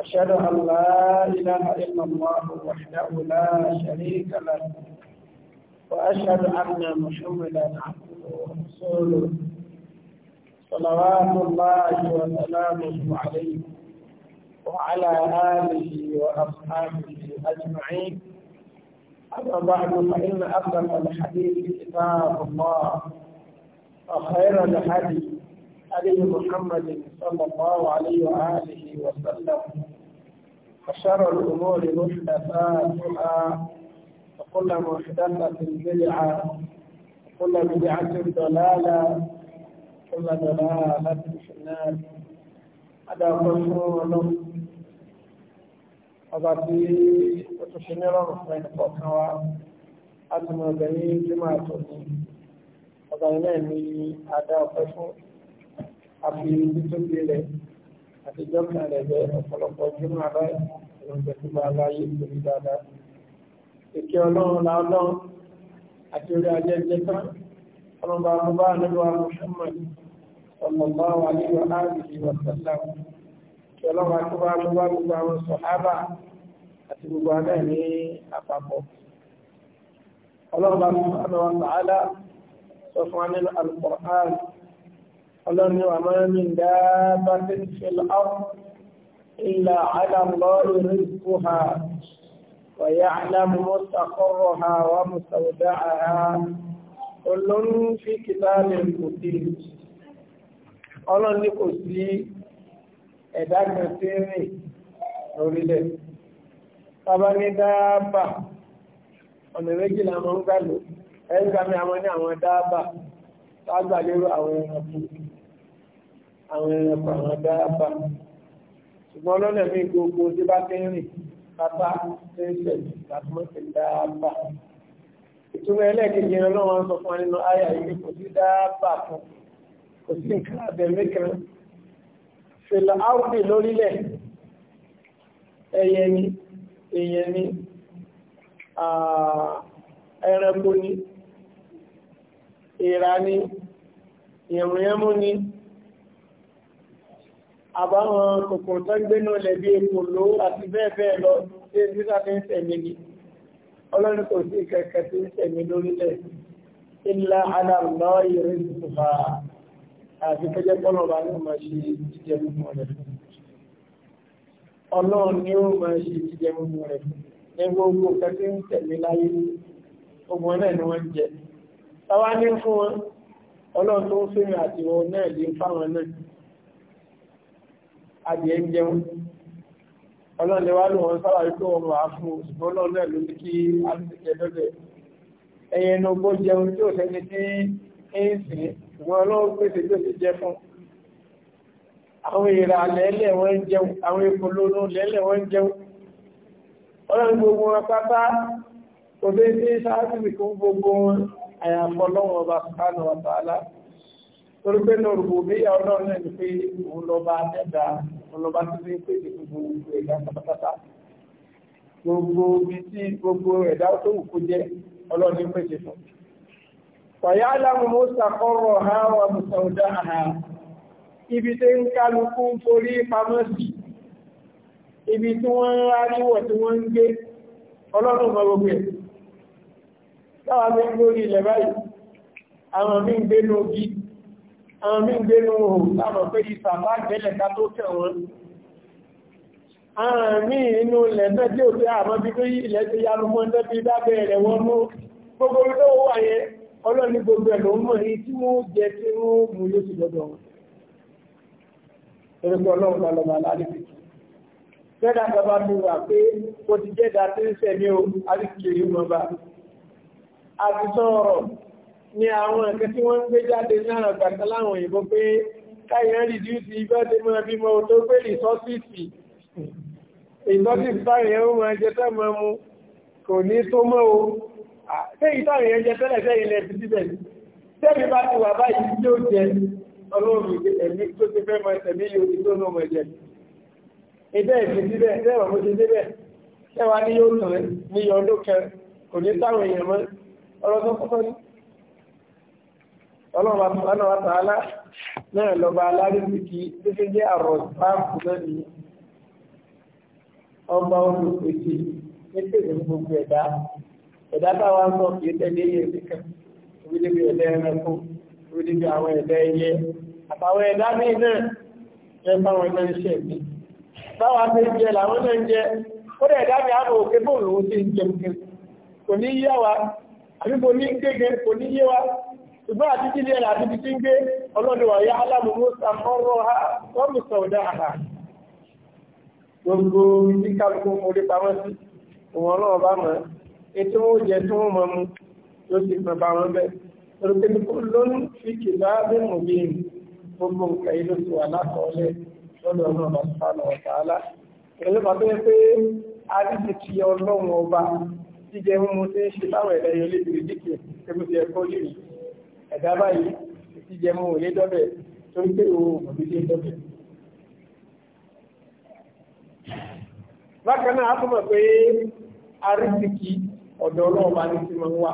أشهد أن لا إله إلا الله وحده لا شريك له وأشهد أن محمدا عبده ورسوله صلوات الله وسلامه عليه وعلى آله وأصحابه أجمعين أما بعد فإن أفضل الحديث كتاب الله وخير الحديث هدي محمد صلى الله عليه وآله وسلم وشر الأمور محدثاتها وكل محدثة بدعة وكل بدعة ضلالة وكل ضلالة في النار هذا قصور ọba tí ó tún ṣe ní ọlọ́run fún ẹnì kọ̀ọ̀kan wa a ti mọ ọbẹ̀ ní jùmọ̀ àtọ̀ ní ọba yìí náà ní adá ọpẹ́ fún àfi títún bí rẹ̀ àtijọ́ kan rẹ̀ bẹ ọ̀pọ̀lọpọ̀ júmọ̀ aláì ìrọ̀jẹ̀ tó bá aláyé torí dáadáa. Ìkẹ́ ọlọ́run la ọlọ́run àti orí ajẹ́jẹ́ tán, ọlọ́run bá mú bá nílùú àwọn Muhammad sallallahu alaihi wa alihi wa sallam. Ìkẹ́ ọlọ́run àti bá mú bá gbogbo àwọn sọ̀hábà àti gbogbo alẹ́ ní àpapọ̀. Ọlọ́run bá mú bá nílùú àwọn sọ fún Al-Qur'an ọlọ́run ni wà máa ní dáàbá tó ti fi lọ́rùn ilà alámọ́rù rizquha wa ya'lamu mustaqarraha wa mustawda'aha olórí fi kitabin mubin ọlọ́run ni kò sí ẹ̀dá kan tí ń rìn lórílẹ̀ bàbá ní ọ̀nà méjì làwọn ń gbà lò ẹ̀ àwọn ní àwọn dáàbà tá a gbà lérò àwọn àwọn ẹranko àwọn dáàbà ṣùgbọ́n lọ́nà mí gbogbo tí bá ti ń rìn bàbá tí ń ṣẹ̀lẹ̀ àtúmọ̀tì dáàbà ìtumọ̀ ẹlẹ́ẹ̀kejì ẹran náà wọ́n sọ fún wa nínú àyà yìí kò sí dáàbà kan kò sí nǹkan abẹ̀mí kan fèlà áùdì lórílẹ̀ ẹyẹ ni èèyàn ni ẹranko ni èèrà ni ìrìnàmú ni àbáwọn kòkò tó ń gbénú lẹ́bí epo ló àti bẹ́ẹ̀ bẹ́ẹ̀ lọ sí ibi sáfẹ́ ń sẹ̀mí ni ọlọ́run kò sí kẹ̀kẹ́ tí ń sẹ̀mí lórílẹ̀ ilá aláàlọ́ ìrìn ìtùfà àti kẹjẹ pọ́nà bá ní ọmọ ṣe jíjẹ mímú rẹ̀ ọlọ́run ni ó máa ṣe jíjẹ mímú rẹ̀ ní gbogbo kẹtí ń tẹ̀mí láyé ogun náà ni wọ́n jẹ táwa fún wọn náà lè fáwọn náà adìẹ ń jẹun ọlọ́run lè wá lò wọn sábà rí pé wọn wà á fún ṣùgbọ́n ọlọ́run náà ló ní kí alùpùpù lọ́dẹ̀ ẹyẹ inú gbó jẹun tí ò sẹ́ni tí ń sìn ṣùgbọ́n ọlọ́run pèsè tó ti jẹ fún àwọn èèrà lẹ́lẹ̀ wọ́n ń jẹun àwọn ìpolówó lẹ́lẹ̀ wọ́n ọlọ́run gbogbo wọn pé nínú rògbòmíyà ọlọ́run náà ọlọ́ba tó fi ń pèsè gbogbo ẹ̀dá pátápátá gbogbo ibi tí gbogbo ẹ̀dá tó wù kó jẹ́ ọlọ́ọ̀ni pèsè fún. Fàyà aláwọ̀ Mọ́sà kọ́rọ̀ ha wà Mùsàúdá ha. Ibi tí ń kálukú ń forí pamọ́ sí. Ibi tí wọ́n ń rá níwọ̀ tí wọ́n ń gbé. Ọlọ́run mọ gbogbo ẹ̀. Táwa mi ń gbórí ilẹ̀ báyìí. Àwọn mi ń gbé lógi àwọn mí gbénú ohùn láàrọ̀ pé ìsàbá gẹ́lẹ̀ ká tó tẹ̀ wọn àwọn mí inú lẹ́gbẹ́ tí ó tẹ́ àmọ́ bí tó yí ilẹ̀ tí yá lọ́mọ́ lẹ́bí dábẹ́ rẹ̀ wọ́n mú gbogbo tó wà yẹ ọlọ́ni gbogbo ẹ̀ ló mọ̀ ní tí wọ́n jẹ tí wọ́n mú yóò sì lọ́dọ̀ wọn torí pé ọlọ́run bá lọ́mọ aláàdìsí jẹ́dá bàbá mi wà ni àwọn ẹ̀kẹ́ tí wọ́n ń gbé jáde náà gbàtà láwọn òyìnbó pé káyẹ̀ rìdíùsì ìbẹ́ẹ̀dẹ́ mọ́ bí mọ́ tó pé ìsọ́sìsì ìsọ́sìsì táyẹ̀ ó máa jẹ tẹ́mọ mu kò ní tó mọ́ o ṣé ìtàyẹ̀ jẹ tẹ́lẹ̀ sẹ́yìn lẹ́ ti síbẹ̀ tẹ́mi bá ti wà báyìí tí ó jẹ ọlọ́run ẹ̀mí tó ti fẹ́ mọ ẹ̀mí yóò ti tó náà mọ̀ jẹ ìbẹ́ ìfi síbẹ̀ sẹ́wà mo ti síbẹ̀ sẹ́wà ní yóò tàn ní yọ ọdún kan kò ní táwọn èèyàn mọ́ ọlọ́sọ́kọ́sọ́ ní ọlọ́wà tààlà náà lọ́ba alárìsìkì tó ṣe jẹ́ àrọ̀ sáàpù náà ní ọba olùpèsè nípèsè gbogbo ẹ̀dá ẹ̀dá táwa ń sọ kì í tẹ̀lé yẹn nìkan orílẹ̀-èdè ẹ̀dá ẹranko orílẹ̀-èdè àwọn ẹ̀dá ẹyẹ àtàwọn ẹ̀dá míì náà ẹ báwọn ẹ̀dá ń ṣe mí báwa ti jẹ làwọn náà ń jẹ ó dẹ̀ ẹ̀dá mi àbò òkè ó ti ń jẹun kò ní yé wa àbí kò ní kéke kò ní yé wa ṣùgbọ́n àti tí ilé rẹ̀ àti tí ń gbé ọlọ́dọ̀wà ya alábùmú sàmọ́rọ̀ ọmọ sọ̀dá àhà gbogbo tí kálukú orí pamọ́ sí òun ọlọ́wọ́ bá mọ̀ ètò wọn jẹ tí wọn mọ̀ mu ló sì pẹ̀ bá wọn bẹ́ẹ̀ olùkẹ́lùkù ló ń fi kìlá bí mò bí mi gbogbo nǹkan yìí ló ti wà lákọọ́lẹ̀ lọ́dọ̀ ọ̀nà ṣe láwọn ẹ̀dá yẹn lè dìrì ẹ̀kọ́ yìí ẹ̀dá báyìí ti jẹmú òye dọ́bẹ̀ tó ń pè owó òbílé dọ́bẹ̀. bákan náà a tún mọ̀ pé arísìkì ọ̀dọ̀ ọlọ́ọ̀bá ní ti máa ń wà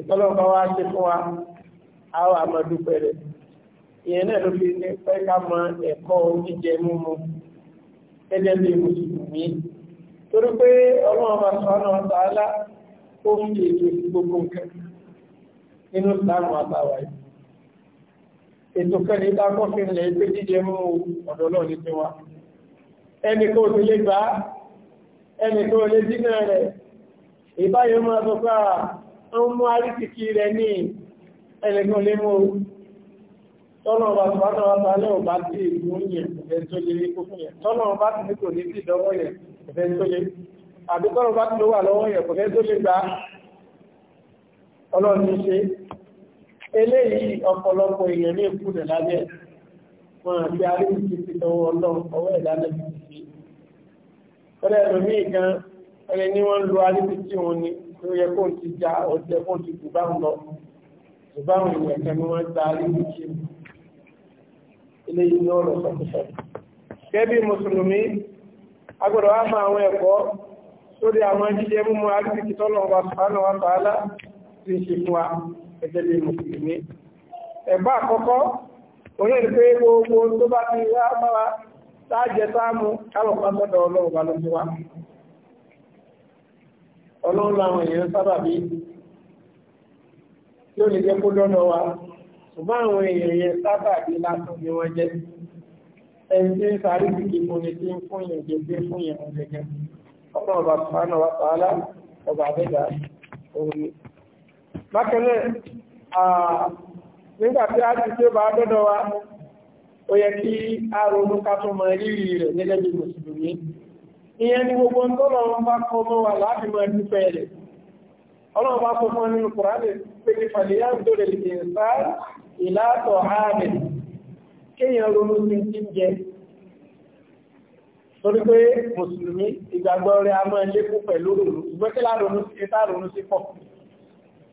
ìtọ́lọ́ọ̀bá wa ṣe fún wa rẹ̀ ìyẹn náà ló fi pẹ́ ká mọ ẹ̀kọ́ jíjẹ bí torí pé alá ó fi nínú ìsìláàmù àtàwà yìí ètò kẹ́ni dákọ́ fi ń lẹ̀ pé jíjẹ mú ọ̀dọ̀ náà ní tiwa ẹni kó o ti lè gbà á ẹni kó o lè dínà rẹ̀ ìbáyọ̀ máa sọ pé àwọn mú àríkìkì rẹ̀ ní ẹni kan lè mú tọ́nà ọba tó bá tọ́wọ́ ta lẹ́wọ̀ bá tí ìlú yẹn ìfẹ́ tó lè rí kó yẹn tọ́nà ọba tí ní kò ní sí ìdánwò yẹn ìfẹ́ tó lè àbí tọ́nà ọba tí wà lọ́wọ́ yẹn kò fẹ́ tó lè gbà ọlọ́run ní ṣe eléyìí ọ̀pọ̀lọpọ̀ èèyàn ní ìkúrẹ̀ lábẹ́ wọn àti aríwú ti fi tọwọ́ ọlọ́run ọwọ́ ìdáná ti fi ọlẹ́ ẹ̀lòmí gan ẹni ní wọ́n lo aríwú tí wọ́n ní ló yẹ kó ti ja ọ̀tẹ̀ kó ti dùbá ń lọ dùbá ń rìn ẹ̀kẹ́ ni wọ́n gba aríwú tí wọ́n eléyìí ní ọ̀rọ̀ sọ̀kúsọ̀ gẹ́bí mùsùlùmí agbọ́dọ̀ wá máa àwọn ẹ̀kọ́ lórí àwọn jíjẹ mímu tí ń ṣe fún wa gẹ́gẹ́ bí mùsùlùmí ẹ̀bá àkọ́kọ́ oní ẹ̀rí pé gbogbo tó bá ti wá bára táàjẹ sáàmù kálọ̀pá sọ́dọ̀ ọlọ́run bá ló ti wá ọlọ́run làwọn èèyàn sábà bí tí ó lè jẹ́ kó lọ́nà wa ṣùgbọ́n àwọn èèyàn yẹn sábà bí lásán ni wọ́n jẹ́ ẹni tí ń sáré sí fún ni tí ń fún yẹn jẹ pé fún yẹn gẹ́gẹ́ ọmọ ọba sùpánà wa tààlà ọba àbẹ́gà òun bákanáà nígbàtí a ti tí ó bá dọ́dọ̀ wa ó yẹ kí a ronú ká tó mọ rírì rẹ̀ gẹ́gẹ́ bí mùsùlùmí ìyẹn ni gbogbo ń tọ́lọ̀ ń bá kọ́ mọ́ wa láti mọ dúpẹ́ rẹ̀ ọlọ́run bá sọ fún ọ nínú kùránì pé kí fàlíyà ń dòrè lè sá ìlàtọ̀ ààrẹ kéèyàn ronú sí jíjẹ torí pé mùsùlùmí a máa lékún pẹ̀lú òru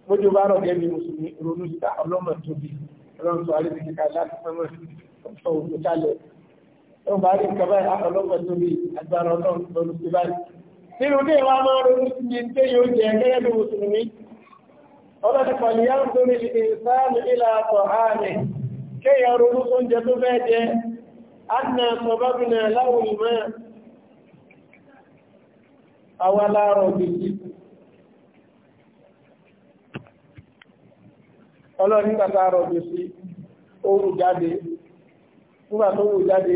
bójú bá rọ̀ gẹ́gẹ́ mùsùlùmí ronú síta ọlọ́mọ tóbi ọlọ́run tó àrí ìdíkà láti sánmọ̀ ọ̀pọ̀ òkú kálẹ̀ wọn bá rí nǹkan báyìí ọlọ́mọ tóbi agbára ọlọ́run lọ́nu sí báyìí nínú ilé wa máa ronú sí ní tẹ́ yóò jẹ gẹ́gẹ́ bí mùsùlùmí ọlọ́run ti pàlì yá ń torí ìsáàlù ìlà àtọ̀ ààrẹ kéèyàn ronú oúnjẹ tó fẹ́ jẹ adìnà sọ̀bábìnà láwùjọ máa ọlọ́run nígbà tá a rọ̀jò sí oòrùn jáde nígbà tó wù jáde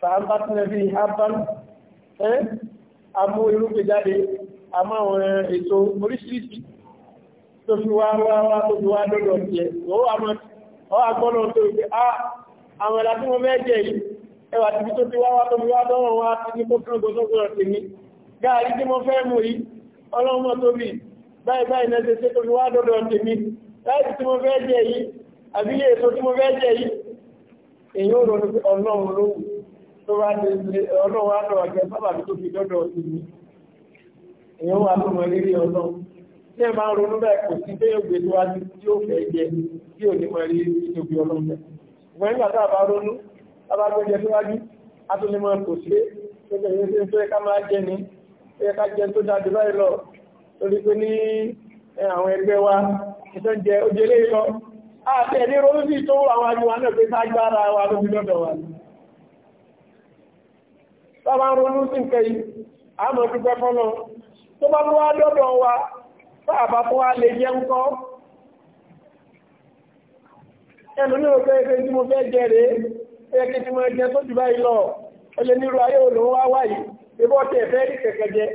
fàábà tí wọ́n fi hábà ẹ́ amú irúgbìn jáde àmọ́ àwọn ètò oríṣiríṣi tó fi wá wá wá tó fi wá dọ́dọ̀ tiẹ̀ lọ́wọ́ àmọ́ ọ agbọ́nà tó fi á àwọn ẹ̀dà tí wọ́n fẹ́ jẹ yìí ẹwà tìbí tó fi wá wá tó fi wá dọ́wọ́ wá ti ní kó kán gbọ́sọ́gbọ́sọ́ tèmi gáàrí tí mo fẹ́ mú yìí ọlọ́mọ tóbi báyìí báyìí náà ṣe tó wá dọ́dọ̀ tèmi láti tí mo fẹ́ jẹ yìí àbí èso tí mo fẹ́ jẹ yìí èyí ò rọrùn pé ọlọ́run ló wù tó bá ti ṣe ọlọ́run wá lọ àjẹ sábà tó fi dọ́dọ̀ tèmi èyí wà tó mọ rírí ọlọ́run tí ẹ máa ń ronú bẹ́ẹ̀ kò sí bẹ́ẹ̀ ògbé tó wá sí tí ó fẹ́ jẹ tí ò ní mọ rí ìtòbí ọlọ́run bẹ́ẹ̀ ṣùgbọ́n nígbà tá a bá ronú a bá gbẹ́jẹ síwájú a tún tó dájú torí pé ní eh, àwọn ẹgbẹ́ wa ìtọ́ jẹ ojèlé lọ àti ẹ̀dẹ́ rọ́lùsí tó àwọn àjúwà náà pé ságbára wa ló fi lọ́dọ̀ wa bàbá ronú sí nǹkan yìí àmọ́ pípẹ́ fọ́nà tó bá mú wá dọ́dọ̀ wa bàbá fún wa lè jẹ́ ńkọ́ ẹnu ní òfẹ́ ẹgbẹ́ tí mo fẹ́ jẹ rèé ẹgbẹ́ tí mo jẹ tó jù báyìí lọ ẹlẹ́nirú ayé òlòwọ́ wáyìí ìbọ́tẹ̀ fẹ́ kẹ̀kẹ́ jẹ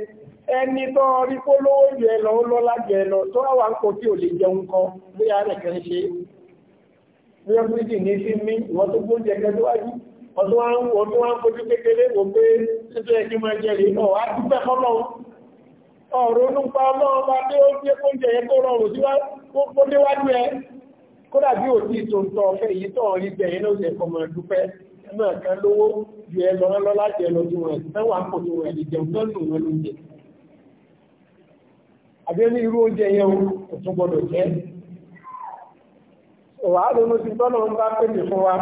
ẹni tó rí kó lówó jù ẹ lọ ó lọ́lá jù ẹ lọ tó wà ń kó tí ò lè jẹun kan bóyá rẹ̀ kẹ́ ṣe bí ó fi ní sí mí ìwọ́n tó gbóúnjẹ kẹ́síwájú ọdún wa ń wọ́n tó wá ń fojú kékeré wò pé títí ẹ̀kí máa jẹ rí náà á dúpẹ́ fọ́lọ́ ọ̀rọ̀ nípa ọlọ́run bá dé ó gbé oúnjẹ yẹn tó rọrùn sí wá ó déwájú ẹ kódà bí òtí tó ń tọ ọ̀fẹ́ yìí tọ̀ rí bẹ̀rẹ̀ ló ṣe kọ́ máa dúpẹ́ kan lówó ju ẹ lọ lọ́lá jẹ lọ tí wọ́n ẹ̀ àbí ní irú oúnjẹ yẹn o tún gbọdọ̀ jẹ́ wàá lónú ti tọ́nà ń bá pèsè fún wa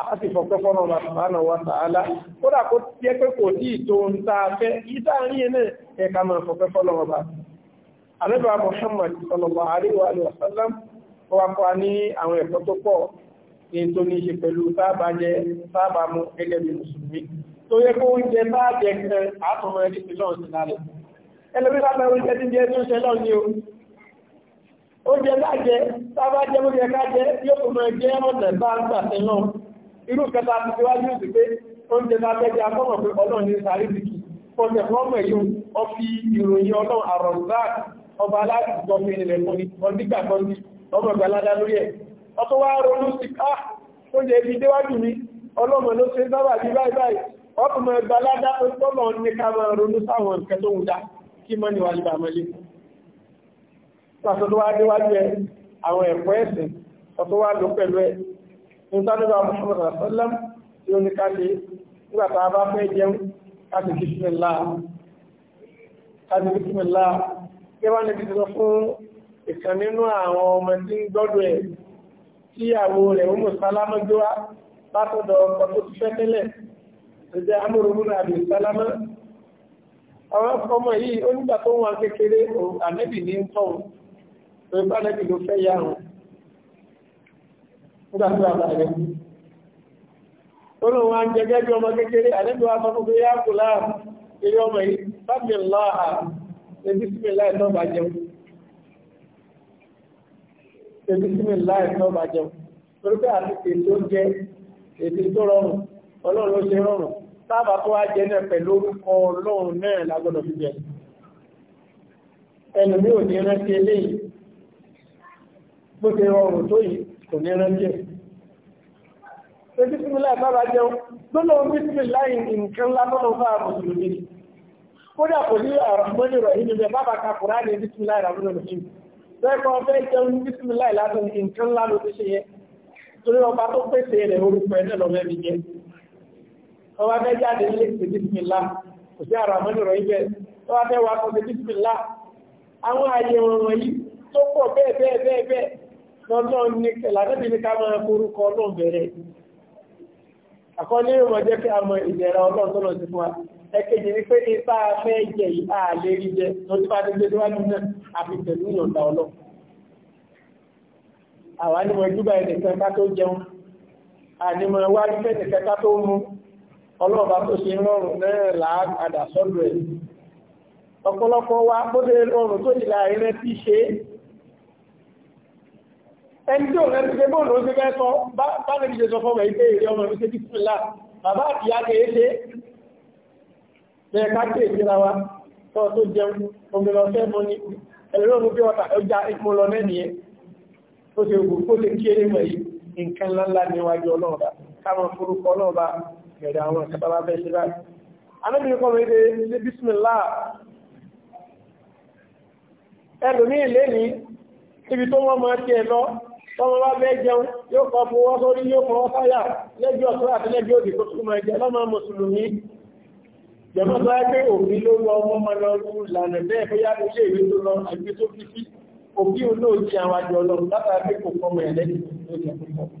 a sì fọpẹ́ fọ́nà wa sàánà wa sàálà kódà kó jẹ́ pé kò tí ì tó ń ta fẹ́ ìta rí ẹ̀ náà ẹ̀ka máa fọpẹ́ fọ́nà wa bá alẹ́bàá Muhammad sallallahu alaihi wa sallam wa kọ́ ní àwọn ẹ̀kọ́ tó pọ̀ ní tó ní ṣe pẹ̀lú sábà jẹ sábà mu gẹ́gẹ́ bí mùsùlùmí tó yẹ kó oúnjẹ bá jẹ kan àtọmọ ẹni tí lọ́ọ̀ lálẹ́ ẹlẹ́bí bá bẹ̀rù jẹ́ ti jẹ́ tó ṣe lọ ní o ó jẹ láàjẹ sábà jẹ́ ó jẹ kájẹ yóò kò mọ̀ jẹ́ ọ̀nà bá ń gbà sí náà irú kẹta ti fi wájú sí pé oúnjẹ náà fẹ́ jẹ́ akọ́mọ̀ pé ọlọ́run ní sáré dìkì fọ́njẹ fọ́mọ̀ èyí ó fi ìròyìn ọlọ́run àrọ̀rùzáàk ọba aláàtì jọ fi ilẹ̀ fún ọdígbà kọ́ndí ọmọ ìgbà lórí ẹ̀ kí mọ́ níwájú bá mọ́lé sàtọ́tọ́ wá déwájú ẹ àwọn ẹ̀kọ́ ẹ̀sìn ọ̀tọ́ wá lò pẹ̀lú ẹ ní sádọ́gbà Muhammad rasulullah tí ó ní ká ṣe nígbà tá a bá fẹ́ jẹun ká ṣe bismillah ká ṣe bismillah kí wọ́n ní bísí lọ fún ìkan nínú àwọn ọmọ tí ń gbọ́dọ̀ ẹ̀ tí àwo rẹ̀ ó mọ̀ sálámọ́ gbé wá látọ̀dọ̀ ọkọ̀ tó ti fẹ́ tẹ́lẹ̀ ẹ̀jẹ̀ amúròmúnà àbí sálámọ́ àwọn ọmọ yìí onígbà tó wọn kékeré ànẹ́bì ní ń tọ́wọ́ pẹ̀lú bá nẹ́bì ló fẹ́ yá wọn nígbà tó àbá rẹ̀ olóhùn wa ń jẹ gẹ́gẹ́ bí ọmọ kékeré ànẹ́bì wa sọ fún pé yá kò láàrùn eré ọmọ yìí sábì láà ebi sí mi láì bá sábà tó wá jẹ náà pẹ̀lú orúkọ ọlọ́run náà lágbọ́dọ̀ fi jẹ ẹnu mi ò ní rántí eléyìí bó ṣe rọrùn tó yìí kò ní rántí ẹ̀ ṣe bísímìlá ìbára jẹun lọ́nà bísímìlá nǹkan lábọ́dọ̀ fà mùsùlùmí kódà kò ní àrùmọ́nì rọ̀hìn ní bàbá ka kùrá ní bísímìlá ìràmúlò rọ̀hìn lẹ́kọ̀ọ́ fẹ́ jẹun bísímìlá ìlàtọ̀ nǹkan lábọ́ tó ṣe yẹ torí ọba tó pèsè rẹ̀ orúkọ ẹ̀ náà lọ́mọ ẹ̀mí jẹ́ ọwọ́ abẹ́ jáde nílé ti bísímìlá kò sí àrà mọ́nì rọ̀ ibẹ̀ ọwọ́ abẹ́ wa kọ́ sí bísímìlá àwọn ààyè wọn wọ̀nyí tó pọ̀ bẹ́ẹ̀ bẹ́ẹ̀ bẹ́ẹ̀ bẹ́ẹ̀ lọ́nà ní làtẹ́bí ní ká máa forúkọ ọlọ́run bẹ̀rẹ̀ àkọọ́lẹ̀ ìwọ̀n jẹ́ pé àmọ́ ìdẹ̀ra ọlọ́run tó lọ sí fún wa ẹ̀kejì ni pé ipá fẹ́ jẹ ìhà lérí jẹ tó ti bá ti gbé síwájú náà àfi pẹ̀lú ìyọ̀ǹda ọlọ́run àwa ni mo júbà ẹnìkan ká tó jẹun àní mo wá ní fẹ́ ẹnìkan ká tó mú ọlọ́ọ̀bá tó ṣe rọrùn náà láàpadà sọ́dọ̀ ẹ̀ ọ̀pọ̀lọpọ̀ wa bóde rọrùn tó ìlà ìrẹ́ ti ṣe ẹni tí òun ẹni gbogbo òun ti fẹ́ sọ bá lè ṣe sọ fọ́ mẹ́ ilé ìrẹ́ ọmọ ìṣẹ́ bísímìlá bàbá àti ìyá kèé ṣe bẹ́ẹ̀ ká kéè síra wa tọ́ tó jẹun omi lọ fẹ́ mọ́ ní ẹ̀rọ mú bí ọta ọjà ipò lọ mẹ́niyẹ ó ṣe ògùn kó lè kí eré mọ̀ yìí nǹkan ńláńlá níwájú ọlọ́ọ̀dá káwọn forúkọ ọlọ́ọ̀dá bẹ̀rẹ̀ àwọn ìkàtà bá fẹ́ ṣe báyìí anábìnrin kọ́ wípé ṣe bísímìlá ẹlòmíì lẹ́ni ibi tó wọ́n máa tiẹ̀ lọ tọ́mọ bá fẹ́ jẹun yóò kọ́ fọwọ́ sórí yóò fọwọ́ sáyà lẹ́gbẹ̀ẹ́ ọ̀sán àti lẹ́gbẹ̀ẹ́ òdì tó tún máa jẹ lọ́mọ mùsùlùmí jẹ̀mọ́ tó wáyé pé òbí ló lọ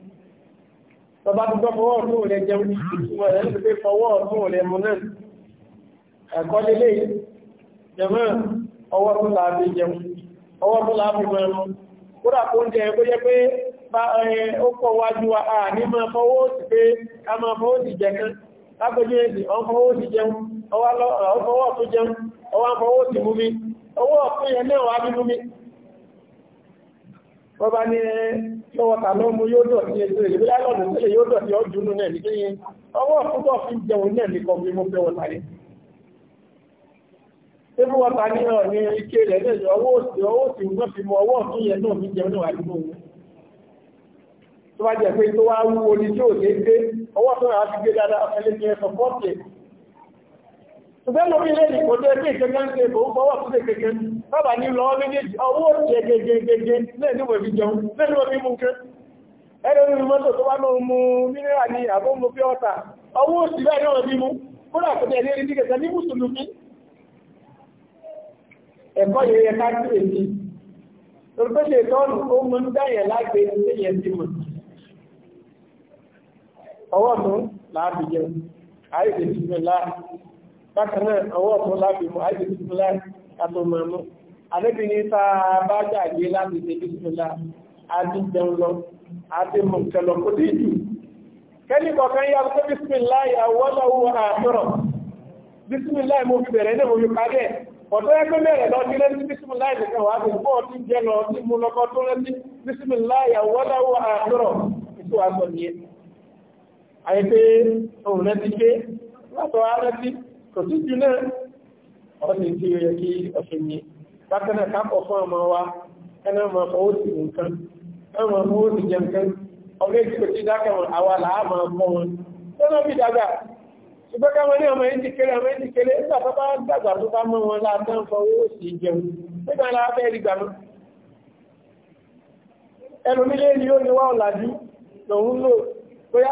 tọba tó gbọ́fọwọ́ ọ̀tún ò jẹun ní ìtumọ̀ ẹ̀ lẹ́nu pé fọwọ́ ọ̀tún ò mú náà ẹ̀kọ́ lélẹ̀ ọwọ́ tó la jẹun ọwọ́ tó la kó ń jẹ kó pé ó wájú a ní máa fọwọ́ sí pé ká máa fọwọ́ sí jẹ kan fọwọ́ sí jẹun ọwọ́ ọ̀tún jẹun ọwọ́ fọwọ́ sí mú mi ọwọ́ wọ́n bá ní lọ́wọ́ta lọ́mú yóò dọ̀tí ẹgbẹ́ ìlú lọ́dún tẹ́lẹ̀ yóò dọ̀tí ọdún náà ní kí ọwọ́ púpọ̀ fi jẹun náà ní kọ́ bí mo fẹ́ wọ́ta rẹ̀. Ebú wọ́ta ní ọ̀ ike rẹ̀ lẹ́yìn ọwọ́ òsì ọwọ́ òsì ń fi mọ ọwọ́ ọ̀tún yẹn náà jẹun náà Tó bá pé tó wá ní tí ò ṣùgbọ́n mo fi lè ní kò dé bí ìkẹ́kẹ́ ń ṣe kò ń fọwọ́ fún ìkẹ́kẹ́ bàbá ní lọ méjèèjì ọwọ́ gẹ́gẹ́gẹ́gẹ́ lẹ́ẹ̀ ní wòbí jẹun lẹ́ẹ̀ ní wòbí mú kẹ́ ẹ̀rọ ní mọ́tò tó wá náà mú mínírà ní àbọ́ mo fi ọ̀tà ọwọ́ òsì bẹ́ẹ̀ náà bí mú kúrò àkọ́tẹ̀ ẹ̀lẹ́ rí nígbẹ̀ta ní mùsùlùmí ẹ̀kọ́ yẹ yẹ ká kí èyí torípé ṣe tọ́nù ó mú ń dáyẹ̀ láti ẹ̀yẹ sí mọ̀ ọwọ́ mú làá fi jẹun bákan náà ọwọ́ ọ̀tún láti mú àìsí bísímìlá àtọmọ̀mọ́ àdébì ní tá a bá jáde láti ṣe bísímìlá àti jẹun lọ àti mọ̀ kẹlọ̀ kó dé jù kẹ́lí kọ̀ọ̀kan yá pé bísímìlá ìyàwó lọ́wọ́ àtọ̀rọ̀ bísímìlá mo fi bẹ̀rẹ̀ náà mo fi parí ẹ̀ ọ̀tọ́ ẹgbẹ́ mẹ́rẹ̀ lọ sí lẹ́sí bísímìlá ìdẹ̀kẹ́ wà á fi bọ́ọ̀ tí jẹ́ lọ sí mú lọ́kọ́ tó lẹ́sí bísímìlá ìyàwó lọ́wọ́ àtọ̀rọ̀ ìtú àgbọ̀ nìyẹn àyẹ̀fẹ́ òun rẹ̀ ti gbé látọ̀ á rẹ̀ ti kò sí jù náà ọ̀sẹ̀ tí ó yẹ kí ọ̀sẹ̀ yìí bákan náà kápọ̀ fún ọmọ wa ẹnà máa fọwọ́ sí nǹkan ẹnà máa fọwọ́ sí jẹ nǹkan ọ̀rẹ́ tí kò sí dákẹ́ wọn àwa là á máa mọ wọn lọ́nà bí dàgbà ṣùgbọ́n káwọn ní ọmọ yìí ti kéré ọmọ yìí ti kéré nígbà tó bá dàgbà tó bá mọ wọn láàbẹ̀ ń fọwọ́ sí jẹun nígbà la fẹ́ rí gbàmọ́ ẹlòmílé ni ó ní wá ọ̀làjú lòun lò bóyá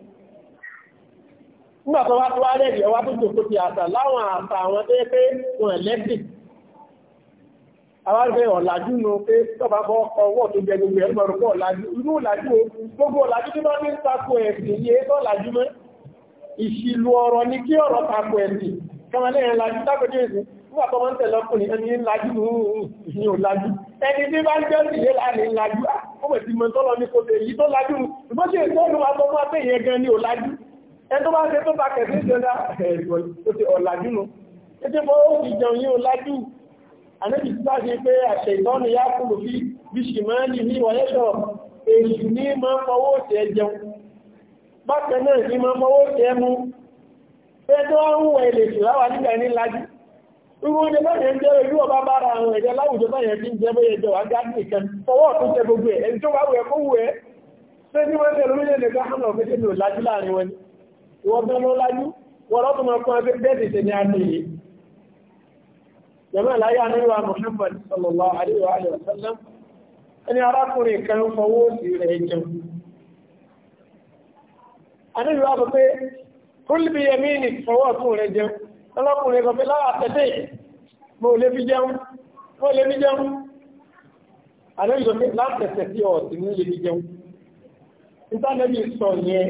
nígbà tó wá tó wá rẹ̀ ìyẹ̀wá tó jòkó ti àṣà láwọn àṣà àwọn tó yẹ pé wọn ẹ̀lẹ́sìn àwárẹ̀ ọ̀làjú ló pé tọ́bà bọ́ ọwọ́ tó jẹ gbogbo ẹ̀rọ pọ̀ ọ̀làjú inú ọ̀làjú gbogbo ọ̀làjú tí wọ́n ní ń takò ẹ̀sìn yé tó ọ̀làjú mọ́ ìṣìlú ọ̀rọ̀ ní kí ọ̀rọ̀ takò ẹ̀sìn kọmọlẹ́ ẹ̀làjú tákòjú ẹ̀sìn nígbà tó wọ́n tẹ̀lé ọkùnrin ẹni ń lajú ní ọ̀làjú ẹni tí bá ń jẹ́ ah, sí yé láàrin lajú ó bẹ̀ ti mọ̀ tọ́lọ ní kò tẹ̀ yí tó lajú ṣùgbọ́n tí èso ìlú wa tó mú apẹ́ yẹn gan ní ọ̀làjú ẹni tó bá ṣe tó bá kẹ̀sí ìjọba ẹ̀rọ tó ti ọ̀làjú nu títí mọ́ ó fi jẹun yíò lájú àníbi tí bá ṣe pé àṣẹ ìtọ́nù yá kúrò fi bí ṣì máa ń ní ìwọ̀nyẹ́ sọ̀rọ̀ èṣù ní máa ń fọwọ́ òṣì ẹ jẹun bákan náà ní máa ń fọwọ́ òṣì ẹ mú pé tó wá ń wọ ilé ìṣù láwà nígbà ní lájú irú oúnjẹ bá yẹn jẹ́ ojú ọba bára àwọn ẹ̀jẹ̀ láwùjọ bá yẹn ti ń jẹ́ bóyẹ jẹ wà gádùn ìkan fọwọ́ tó jẹ gbogbo ẹ̀ ẹni tó wá wẹ̀ kó wù ẹ́ pé ní wọ́n tẹ̀ lórílẹ̀-èdè gáhánà ọ̀fẹ́ tẹ̀lé ò lájú láàrin wọn wọ́n bẹ́ lọ lájú wọ́n lọ́tún máa fún abẹ́ bẹ́ẹ̀ tẹ̀sẹ̀ ní àti yìí jẹ́mọ́ láyé aníwá Muhammad sallallahu alaihi wa sallam ẹni arákùnrin kan fọwọ́ sí rẹ̀ jẹun aníwá sọ pé sí ní lè fi ìtànẹ́bí sọ yẹn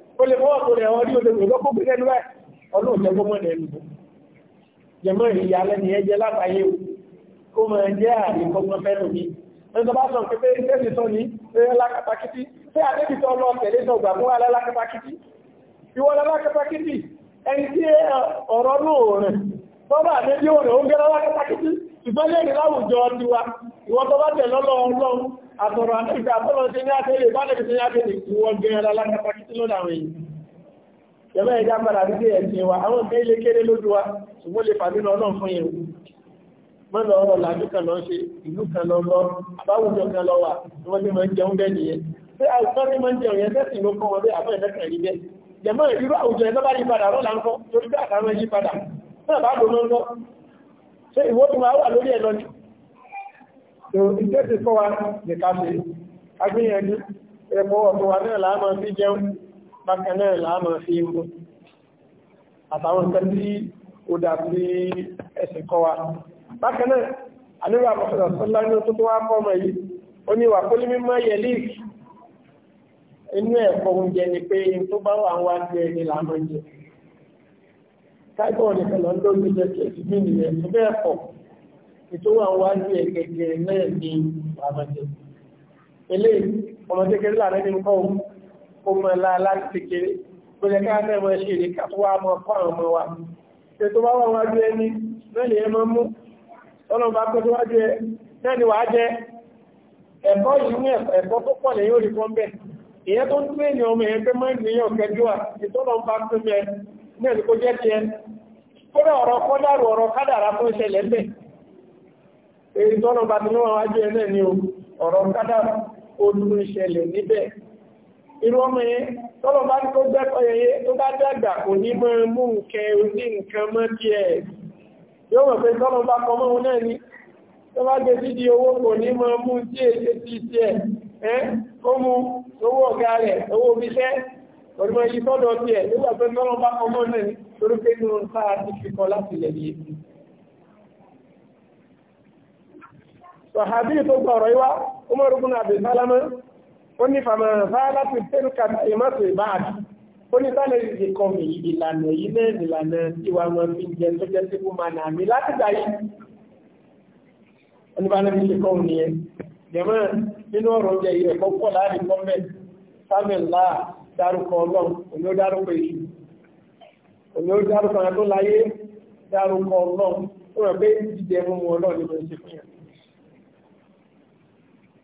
ó lè fọwọ́ tó rẹ̀ wọ́n rí olè lọ́kọ́ gbé lẹ́nu ẹ̀ ọlọ́run jẹ́ gbọ́mọ̀ lẹ́nu jẹmọ́ ìyá lẹ́ni ẹ jẹ́ látàyè o kó máa jẹ́ àríkọ́gbọ́n fẹ́nu mi ẹni tó bá sọ pé tẹ́sí tọ́ ní ẹ̀rẹ́ lákàtàkìtì tẹ́ àdébì tọ́ lọ tẹ̀lé tọ́ gbà fún alẹ́ lákàtàkìtì ìwọ lọ lákàtàkìtì ẹni tí ọ̀rọ̀ àtọ̀rọ̀ àmẹ́gbà tọ́lọ sí ní àtẹ́lẹ̀ ìbánẹ̀bí sí ní àtẹ́lẹ̀ ìwọ̀n gẹ̀ẹ́rẹ́ alágbàpá títí lọ́nà àwọn èyí yẹ̀bẹ́ ìjà padà rí ẹ̀sìn wa àwọn ọ̀gá ilé kéré lójú wa ṣùgbọ́n lè fàmí lọ náà fún yẹn mọ́nà ọ̀rọ̀ làdú kan lọ ṣe ìlú kan lọ lọ àbáwùjọ kan lọ wà tí wọ́n ti máa ń jẹun bẹ́ẹ̀ nìyẹn pé àìsàn ní máa ń jẹun yẹn tẹ́sì ló kọ́ wọn bí àbọ̀ ẹ̀dẹ́kàn rí bẹ́ẹ̀ jẹ̀mọ́ ìrírú àwùjọ ẹ̀ lọ́bàá yí padà lọ́la ńkọ́ torí bí àtàwọn yí padà náà bá lò lọ́ńkọ́ ṣé ìwọ́n ti máa wà lórí ẹ̀ so iṣẹ́ ti kọ́ wa lè ká ṣe agbíyànjú ẹ̀pọ̀ ọ̀pọ̀ wa náà láàmà fi jẹun bákan náà láàmà fi ń bọ́ àtàwọn nǹkan tí ó dà sí ẹ̀sìn kọ́ wa bákan náà àníwà àpapọ̀ sọ́lá ní tó tó wá kọ́ ọmọ yìí ó ní wà kó lé mímọ́ yẹ líìkì inú ẹ̀kọ́ oúnjẹ ni pé tó bá wà wá sí ẹni ètò wà wájú ẹ̀kẹ̀kẹ̀ náà ní àbàjẹ́ ilé ọmọ láàrin ní kọ́ ọmọ wa ètò wà wà wájú ẹni náà lè mọ́ mú ọlọ́run bá pẹ́ wájú ẹ náà ni wàá jẹ ẹ̀kọ́ yìí ní ẹ̀kọ́ tó pọ̀ lẹ́yìn òrì fún bẹ́ẹ̀ ìyẹn tó ń tún ènìyàn ọmọ yẹn pé mọ́ ènìyàn kẹjọ à ìtọ́lọ́run bá pẹ́ bẹ́ẹ̀ náà ni kò jẹ́ tiẹ̀ kódà ọ̀rọ̀ kọ́dà ọ̀rọ̀ kádàrà tó ń ṣẹlẹ̀ bẹ́ẹ̀ èyí tọ́nà bá ti ní wọn wájú ẹlẹ́ ni o ọ̀rọ̀ kádà olùkú ìṣẹ̀lẹ̀ níbẹ̀ irú ọmọ yẹn tọ́nà bá ní kó gbẹ́kọ̀ yẹn tó bá dàgbà kò ní mọ́ mú nǹkan ní nǹkan mọ́ díẹ̀ yóò mọ̀ pé tọ́nà bá kọ mọ́ òun náà ni tó bá gbé sídi owó kò ní mọ́ mú tí sàhábí tó gba ọ̀rọ̀ yìí wá Umar ibn Abi Salama ó ní fàmà fàálà ti tẹ́lu ka ìmọ̀tò ìbáàdì ó ní sálẹ̀ ìdè kan èyí ìlànà yìí náà ìlànà ìwà wọn fi jẹ tó jẹ sí fún màná mi láti gbà yìí oníbàárẹ̀ mi ṣe kọ́ òun nìyẹn jẹ̀mọ́ nínú ọ̀rọ̀ oúnjẹ yìí ẹ̀kọ́ pọ̀ láàrin gọ́ọ̀mẹ̀ sámẹ̀lá dárúkọ ọlọ́run òní ó dárúkọ èṣù òní ó dárúkọ àwọn láyé dárúkọ ọlọ́run ó rẹ̀ pé jíjẹ mú wọn náà nínú ìṣe fún yẹn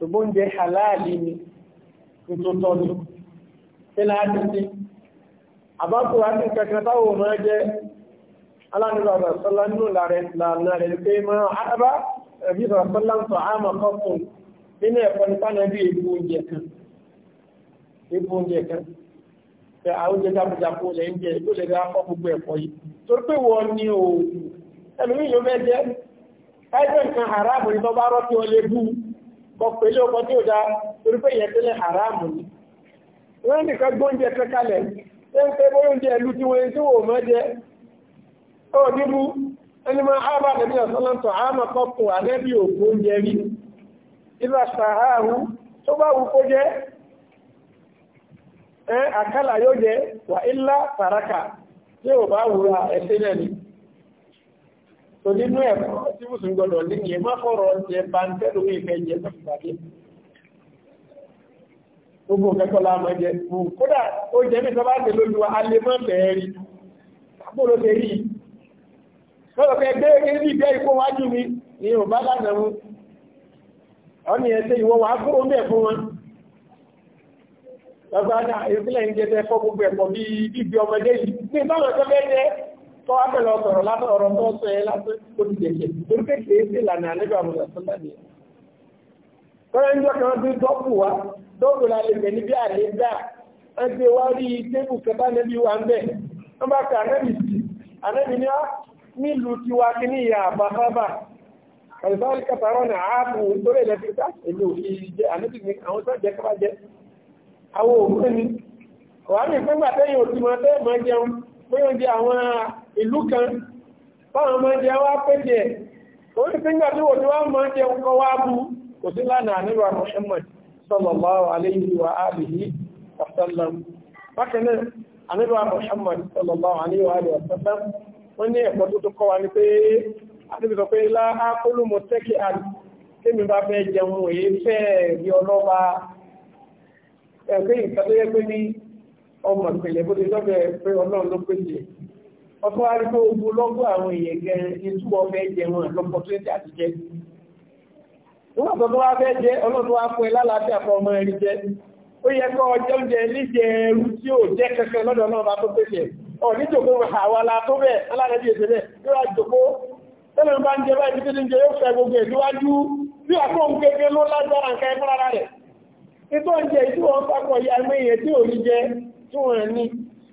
ṣùgbọ́n oúnjẹ halali ni tó tọ́jú tí láti sí àbákò láti kẹkẹrẹ táwọn ọmọ jẹ́ aláàrínlọ́rọ̀ sọ́lá nínú lànà rẹ̀ pé mọ́ àbá ẹ̀bí sọ̀rọ̀ sọ́lá ń sọ àmà kọ́kùn nínú ẹ̀kọ́ nípa náà bí epo oúnjẹ kan epo oúnjẹ kan pé àwọn oúnjẹ jábùjábù lẹ́ ń jẹ ló lè ra fọ́ gbogbo ẹ̀kọ́ ẹgbẹ́ nǹkan àràbò ní bá rọ́ tí wọ́n lè bú kọ pẹ̀lú tí ó dá torí ìyẹn tẹ́lẹ̀ haramu ni wọ́n nìkan gbóúnjẹ kankalẹ̀ tó ń pẹ́ bóúnjẹ ìlú tí wọ́n tí wọ́n mọ́ jẹ níbu ẹni máa ọ̀sánlọ́tọ̀ àmà ògbóúnjẹ rí ìlà sàáhù tó bá wù kó jẹ́ ẹ yóò jẹ wà ìlà tí ò bá ẹ̀sẹ̀ náà ni tò nínú ẹ̀kọ́ tí mùsùlùmí gbọdọ̀ ní yẹn má fọ̀rọ̀ jẹ bàǹtẹ́lù mi ìfẹ́ jẹ sọ́kùnbàdé gbogbo kẹ́kọ̀ọ́ láàmọ́ jẹ kódà ó jẹ́ mi sọ́bà tẹ lójú wa alẹ́ mọ́ bẹ́ẹ̀ rí gbòòrò tẹ rí lọ́dọ̀ pé ẹgbẹ́ ẹgbẹ́ ní ni ò bá lánàá mu ọ̀nà ẹ̀ṣẹ́ ìwọ wà á kúrò ń gbogbo ẹ̀kọ́ bíi bíbi ọmọdé yìí ní ìbáwọn tó fẹ́ tó abẹ́lẹ̀ ọ̀sọ̀rọ̀ látọ̀ ọ̀rọ̀ tó sọ ẹ látọ̀ olùdẹ̀kẹ̀ torí pé kìí sí ìlànà àlejò àmọ̀lá sọ́lá ni. Tọ́lá ń jọ́kàn bí dọ́pù wa dọ́pù la lè mẹ́ níbi àlejò ẹ̀ ti wá rí tébù kẹta níbi wa ń bẹ̀. Wọ́n bá ka anẹ́bì sí anẹ́bì ní nílùú tiwa kí ní ìyá àbáfábà. Àlùfáàlì kàtàrọ̀ ní ààbò torí ilẹ̀ fi ká èmi ò fi àwọn oúnjẹ àwọn ìlú kan báwọn ọmọ jẹ wá péjì ẹ̀ orí fíńgà tí wọ́n wá mọ́ jẹ ọkọ̀ wá bú kò sí lánàá nílùú Muhammad sallallahu alayhi wa alihi wa sallam bákan náà àníbà Muhammad sallallahu alayhi wa alihi wa sallam wọ́n ní ẹ̀kọ́ tó tó kọ́ wa ní pé àtìbìsọ pé láàkólú mọ̀ tẹ́kì àdì tí mi bá fẹ́ jẹun èyí fẹ́ rí ọlọ́wà ẹ̀kọ́ ìkàlẹ́yẹ́ pé ní ọmọ ìpìlẹ̀ bó ti lọ́bẹ̀ẹ́ pé ọlọ́run ló pèsè ọtún wá rí pé ogun lọ́gbọ́ àwọn èèyàn gẹ̀rẹ́ ní túbọ̀ fẹ́ jẹ wọn lọ́pọ̀ tó ẹ̀jẹ̀ àti jẹ́ nígbà tó tó wá fẹ́ jẹ́ ọlọ́dún wá fún ẹ lálàáfíà fún ọmọ ẹ̀rí jẹ́ ó yẹ kọ́ ọjọ́ oúnjẹ níjẹ ẹrú tí ó jẹ́ kankan lọ́dọ̀ náà bá tó pèsè ọ̀ níjòkó àwa la tó bẹ́ẹ̀ alárẹ́bí èsè bẹ́ẹ̀ yóò wá jòkó tẹ́lẹ̀ bá ń jẹ báyìí títí ń jẹ yóò fẹ́ gbogbo ìdíwájú bí àpò ń kéke ló lágbára nǹkan ẹ̀fúnra rẹ̀ ètò oúnjẹ ìtúwọ̀n pápọ̀ yà mẹ́yẹ tí ò ní jẹ tí wọ́n ní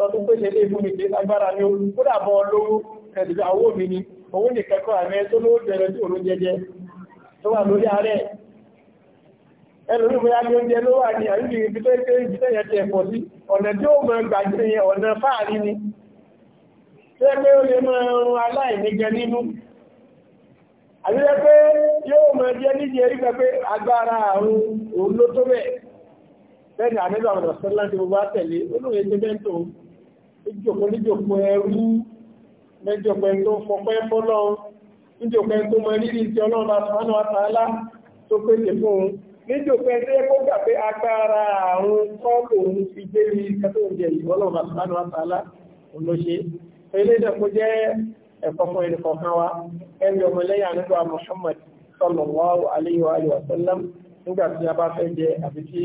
tọ́tún pé ṣeré fún mi agbára ní olùkúdàbọ̀ olówó ẹ̀dùgbà owó mi ni òun ní kẹ́kọ́ àmì tó ló jẹrẹ tí òun jẹjẹ tó wà lórí ààrẹ ẹlòmíwé alẹ́ oúnjẹ ló wà ní àríwí ibi tó ṣe ibi tẹ́yẹ ti ẹ̀pọ̀ sí ọ̀nà tí ó mọ gbàgbé yẹn ọ̀nà fáàrí ni tó yẹ pé ó lè mọ ẹrun aláìní jẹ nínú àti yẹ pé yóò mọ jẹ níjẹ rí pé agbára àrùn òun ló tó ìjòkó níjòkó ẹrú mẹ́jọpọ̀ ẹni tó fọpẹ́ fọ́lọ́ níjòkó ẹni tó mọ rírì tí ọlọ́run bá sánú àtàlá tó pèsè fún un níjòkó ẹni tó yẹ kó gbà pé agbára àrùn kọ́ lòun fi dé rí kẹ́tọ́ oúnjẹ yìí ọlọ́run bá sánú àtàlá òun ló ṣe eléyìí kó jẹ́ ẹ̀kọ́ Muhammad sallallahu alayhi wa alihi wa sallam nígbà a bá fẹ́ jẹ àbí tí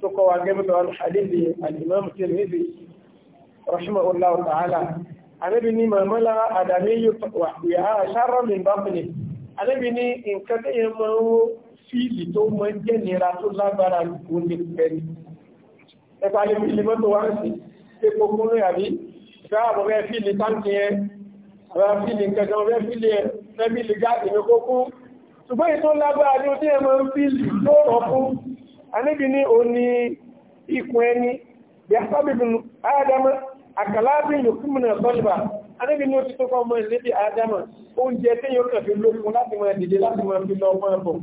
سوكو واجبت عن حديث الإمام الترمذي رحمه الله تعالى أنا بني ما ملا أدمي وعاء شر من بطنه أنا بني إن كان يمو في لتو من جنرا تلا برا يكون بني ẹgbàlẹ̀ ìlúmọ́ tó wá ń sí pépò kúrò àbí ìfẹ́wàbọ̀ rẹ̀ fílì táǹkì ẹ àwọn fílì kẹjọ rẹ̀ fílì ẹ fẹ́bílì gáàdì ní kókó ṣùgbọ́n ìtò lágbára ní ó tí ẹ mọ́ fílì tó rọ̀ fún anábì ní o ní ikùn ẹni bí a sábẹ̀ bínú ádámà àkàlábí yòókùnmùnà sọ́lùbà anábì o ti tó kọ́ ọmọ ìlébi ádámà oúnjẹ tí yóò kàn fi lókun láti máa dìde láti máa fi lọ ọmọ ẹ̀bọ̀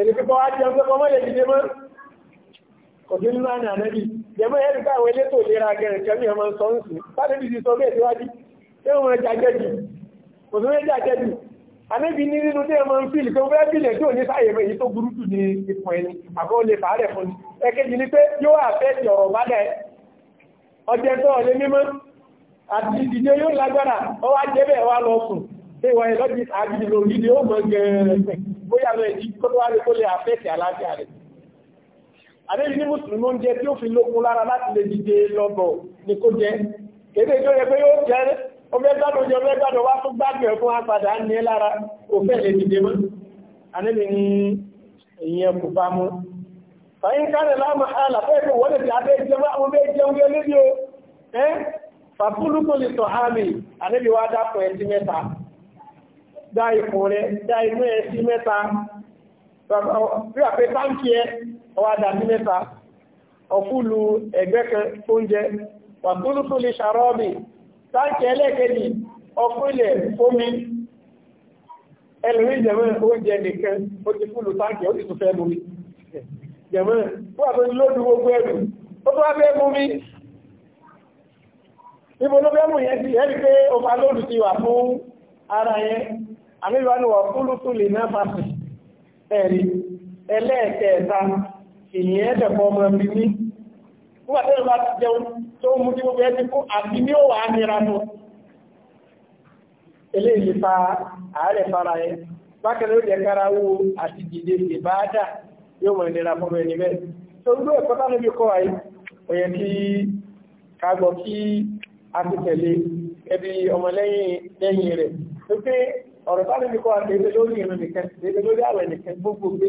èdè pípọ́ á jẹun pé ọmọ yẹn dìde mọ́ kọ̀dé nínú àná anábì jẹ́mọ́ ẹ̀rí káwọn elétò ìlera gẹ̀rẹ̀ kẹ́mí ọmọ sọ́ọ̀sì sábẹ̀ bí ti sọ bẹ́ẹ̀ síwájú tí wọ́n máa jàjẹ́ kò sí méjì àjẹ́ jù anábì ní nínú tí ẹ máa ń fíìlì pé ó fẹ́ fíìlì tí ò ní sáyẹ̀ mẹ́ èyí tó burú jù ní ipò ẹni àbọ́ olè fàárẹ̀ fún ni ẹkẹ́jì ni pé yóò àfẹ́ẹ̀tì ọ̀rọ̀ bá dẹ̀ ọjẹ́ tó ọ̀lẹ́ mímọ́ àti ìdíje yóò lágbára ó wá jẹ́ bẹ́ẹ̀ wá lọ sùn pé wọ́n lọ́dí àbìlì lòdì ni ó mọ gẹ̀ẹ́rẹ́ bóyá lọ èyí kó tó wá lè kó lè àfẹ́ẹ̀tì àlàáfíà rẹ̀ àdébí ní mùsùlùmí oúnjẹ tí ó fi lókun lára láti lè dìde lọ́bọ̀ ni kó jẹ́ kéde tó yẹ pé ọmọgbádùn jẹ ọmọgbádùn wá fún gbádùn ẹ̀fún apàdà ní lára òfẹ́ lè dìde mọ́ anẹ́bì ní èyàn kò bá mú fàyín kárẹ̀ láàmù àlàfẹ́ ìpò wọ́n lè fi abẹ́ jẹun àwọn ọmọ ẹjẹun yẹ lórí o ẹ́ fàfúrúkú lè tọ̀ àmì anẹ́bì wá dápọ̀ ẹ̀sí mẹ́ta dá ipò rẹ̀ dá inú ẹ̀sí mẹ́ta bí wà pé táǹkì ẹ ọwọ́ adà sí mẹ́ta ọ̀fúlù ẹ̀gbẹ́ kan oúnjẹ wàfúrúkú lè ṣàrọ́ọ̀bì táǹkì ẹlẹ́ẹ̀kejì ọkùnlẹ̀ omi ẹlùmí jẹ̀mọ́ oúnjẹ nìkan ó ti fúlù táǹkì ó ti tún fẹ́ lómi jẹ̀mọ́ wà tó lóòdù gbogbo ẹ̀rù ó tó wá fẹ́ mú mi ló fẹ́ mú yẹn sí ẹ̀rí pé lóòdù ti wà fún ara yẹn àmìlú wọn wà fúlù tún lè ẹ̀rí ìyẹn ẹ̀dẹ̀kọ́ ọmọ wọ́n tó mú tí gbogbo ẹni kó àbí ní ó wà á nira mú eléyìí fa ààrẹ fara ẹ bákan ló jẹ kára wo àti dìde lè bá dà yóò mọ̀ nira fún ẹni bẹ́ẹ̀ tó ń gbé ẹ̀kọ́ tánú bí kọ́ àyè ó yẹ kí ká gbọ́ kí a ti tẹ̀lé ẹbí ọmọlẹ́yìn lẹ́yìn rẹ̀ tó pé ọ̀rọ̀ tánú bí kọ́ àti ẹgbẹ́ lórí ìrìn nìkan ẹgbẹ́ lórí àwẹ̀ nìkan gbogbo gbé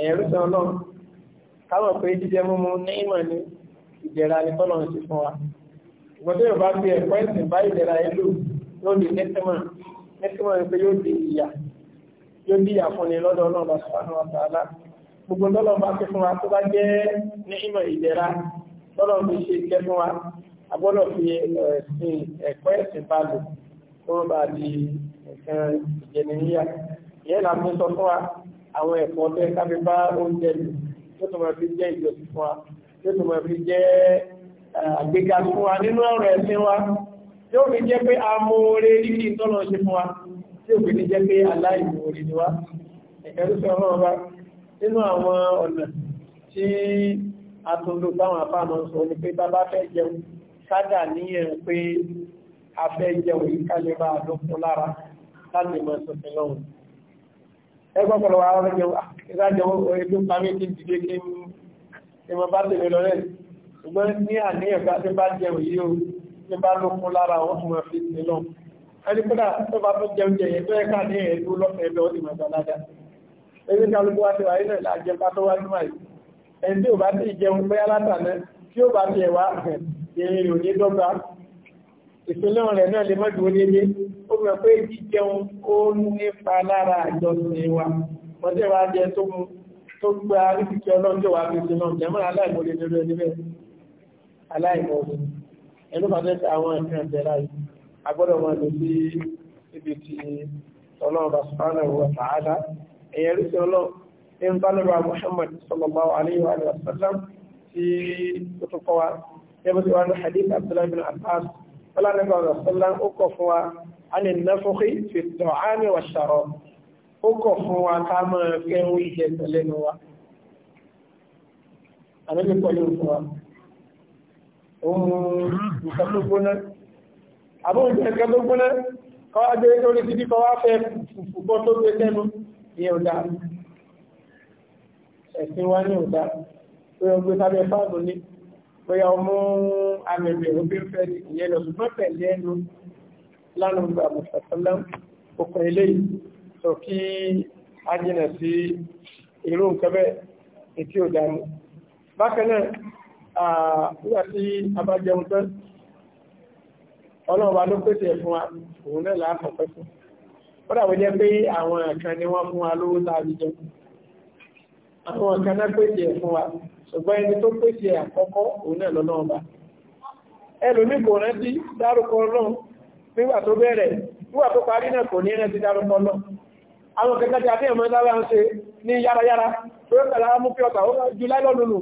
ẹ̀yẹ̀rú sọ ọlọ́run káwọn pé jíjẹ múmu ní ìmọ̀ ni ìjẹ̀ra ni tọ́lọ̀ ń ṣe fún wa ìgbọ́n tó yóò bá fi ẹ̀kọ́ ẹ̀sìn bá ìjẹ̀ra yẹn lò yóò di nẹ́tìmọ̀ nẹ́tìmọ̀ ni pé yóò di ìyà yóò di ìyà fún ni lọ́dọ̀ ọlọ́run bá sọ̀rọ̀ àwọn àtàlá gbogbo tọ́lọ̀ bá fi fún wa tó bá jẹ́ ní ìmọ̀ ìjẹ̀ra tọ́lọ̀ fi ṣe jẹ́ fún wa agbọ́dọ̀ fi ẹ̀sìn ẹ̀kọ́ ẹ̀sìn bá lò kó bá di nǹkan ìjẹ̀nìyà ìyẹn làbí àwọn ẹ̀kọ́ tẹ́ káfí bá oúnjẹ lù tó tó máa fi jẹ́ ìjọsìn fún wa tó tó máa fi jẹ́ àgbéga fún wa nínú ọ̀rọ̀ ẹ̀sìn wa tí ó fi jẹ́ pé a mọ oore rírì tọ́lọ ṣe fún wa tí ó fi ní jẹ́ pé aláìmọ oore ni wa ẹ̀kẹ́ ọlọ́run wa nínú àwọn ọ̀nà tí a tó lò báwọn àbámọ̀ sọ ni pé bàbá fẹ́ jẹun sádà níyẹn pé a fẹ́ jẹun yìí ká lè bá a dún fún lára láti mọ̀ sọ̀tẹ̀ lọ́run ẹgbọ́n pọ̀lọ̀ wà rẹ̀ jẹun ìrájọ ẹgbẹ́ parí kí n dìde kí n mọ bá tèmi lọ rẹ̀ ṣùgbọ́n ní àníyàn bá tí bá jẹun yìí o tí bá lókun lára wọn fún ẹfí ti lọ ẹni kódà tó bá fún jẹun jẹyẹ tó ẹka ní ẹ̀dú lọ́fẹ̀ẹ́ lọ ní mọ̀gbàlájà ẹni kálukú wá ti wà nílẹ̀ láàjẹ bá tó wá ní ẹni tí ò bá ti jẹun bẹ́ẹ̀ látàná ìpínlẹ̀ rẹ̀ náà lè mọ́jú onílé ó mẹ́ pé jíjẹun ó nípa lára àjọsìn wa ọjọ́ wa jẹ tó gbé arífìkì ọlọ́jọ́ wa fi sinú jẹmọ́ aláìmọ́lé lórí ẹni bẹ́ẹ̀ aláìmọ́lé ẹnu bá tẹ́tẹ́ àwọn ẹ̀kan tẹ̀lá yìí agbọ́dọ̀ wọn lọ sí ibi tí ọlọ́run bá sùpánà wà sàádà ẹ̀yẹ rí sí ọlọ́run ní bálọ́rọ̀ Muhammad sallallahu alaihi wa sallam tí ó tún kọ́ wa hadith Abdullahi bin Abbas ọlọ́nàbà ọ̀sọ́lá ó kọ̀ fún wa a lè ná fókí fi tọ̀ á ní wàṣàrọ̀ ó kọ̀ fún wa ká mọ́ kẹrún ìjẹ tẹ̀lẹ́nu wa àlejò pọ̀lú fún wa ohun nǹkan tó gbóná àbúrò nǹkan tó gbóná kọ́ adé lórí títí kọ́ wá fẹ́ fùfúgbọ́ tó gbé tẹ́nu ìyẹn ò ẹ̀sìn wa ní ò pé ọgbẹ́ sábẹ́ fáàbù ní bóyá ọmọ amẹ̀bẹ̀ òbí fẹ́ ìyẹn lọ ṣùgbọ́n pẹ̀lẹ́ ẹnu lánàá gba àmọ̀sàtọ́lá okùn eléyìí sọ kí a jìnà sí irú nǹkan bẹ́ẹ̀ etí ò dánú. bákan náà nígbà tí a bá jẹun tán ọlọ́run wa ló pèsè fún wa òun náà láàpọ̀ pẹ́ fún ó dàbí jẹ́ pé àwọn kan ni wọ́n fún wa lówó tá a fi jẹun àwọn kan náà pèsè fún wa ṣùgbọ́n ẹni tó pèsè àkọ́kọ́ òun náà lọ́nà ọba ẹlòmí kò rántí dárúkọ náà nígbà tó bẹ̀rẹ̀ nígbà tó parí náà kò ní rántí dárúkọ náà àwọn kẹta tí a fi ẹ̀mọ́ dára ń ṣe ní yárayára tó kàlá mú pí ọ̀tà jù lálọ́lùlù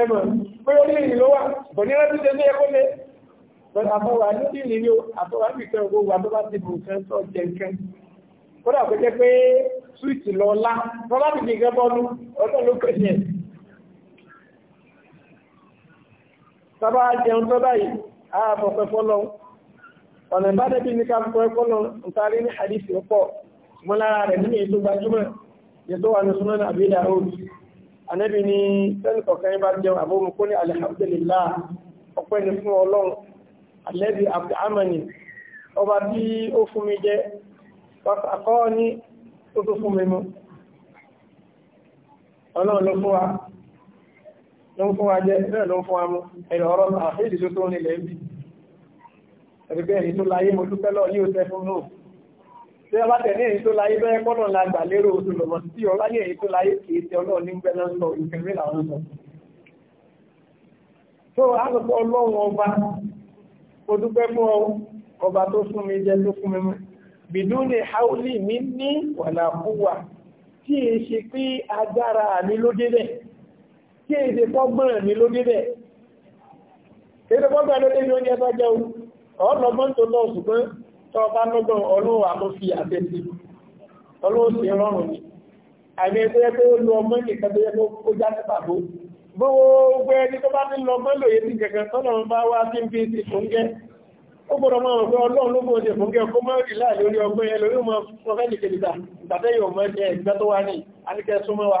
ẹmọ̀ pé ó ní ìlú wà kò ní rántí ṣe ní ẹkọ́ lé bẹ́ẹ̀ àfọwà ní kí ni yóò àfọwà ní ìfẹ́ owó wa tó bá ti bù kẹ́ sọ jẹ nǹkan kódà kó jẹ́ pé súwìtì lọ́ọ́lá tó bá sábà jẹun tó báyìí ààbọ̀pẹ̀ fọ́lọ́ ọ̀nà ìbádẹ́bí ní káàkọ́ ẹ̀kọ́lọ́ ntarí ní hadisi ọ̀pọ̀ ṣùgbọ́n lára rẹ̀ nínú ètò gbajúmọ̀ ètò wà ní sunan Abi Daud anẹ́bí ní sẹ́nìkọ̀kan bá jẹun àbómukú ní alhamdulillah ọpẹ́ ní fún ọlọ́run alẹ́bí abdulhamani ọba tí ó fún mi jẹ akọ́ ní tó tó fún ló ń fún wa jẹ náà ló ń fún wa mú ẹ̀rọ ọ̀rọ̀ àfíìsì tó tó nílẹ̀ ń bì ẹ̀rẹ̀gbẹ́ tó láyé mo dúpẹ́ lọ yóò tẹ́ fún náà tí a bá tẹ̀lé èyí tó láyé bẹ́ẹ̀ kọ́nà la gbà lérò oṣù lọ́mọ tí ọlá ní èyí tó láyé kìí tẹ ọlọ́run ní gbẹ́lá ń lọ ìfẹ̀mí làwọn sọ. tó àlùkò ọlọ́run ọba mo dúpẹ́ fún ọ ọba tó fún mi jẹ tó fún mi mú bìdú ni haúlì mi ní wàlàkúwà tí èyí ṣe pé agbára mi ló délẹ̀ kí èdè pọ́gbọ́n mi ló débẹ̀ èdè pọ́gbọ́n ló débi oúnjẹ tó jẹun ọlọ́gbọ́n tó lọ ṣùgbọ́n tó bá lọ́gbọ́n ọlọ́wà tó fi àtẹ́sí ọlọ́sẹ̀ rọrùn ni àmì ẹgbẹ́ pé ó lo ọmọ nìkan tó yẹ kó já sí pàbó gbogbo ẹni tó bá ti lọ mọ́ lòye ti gẹ̀gẹ̀ tọ́lọ́run bá wá sí bí ti fún gẹ́ ó gbọ́dọ̀ mọ́ ọ̀gbẹ́ ọlọ́run ló gbọ́ ọdẹ fún gẹ́ kó mọ́ rí láàrin orí ọgbẹ́ ẹ lórí ọmọ prọfẹ́lì kejìdà ìgbàtẹ́yọ̀ mọ́ ẹgbẹ́ tó wá ní àníkẹ́ súnmọ́ wa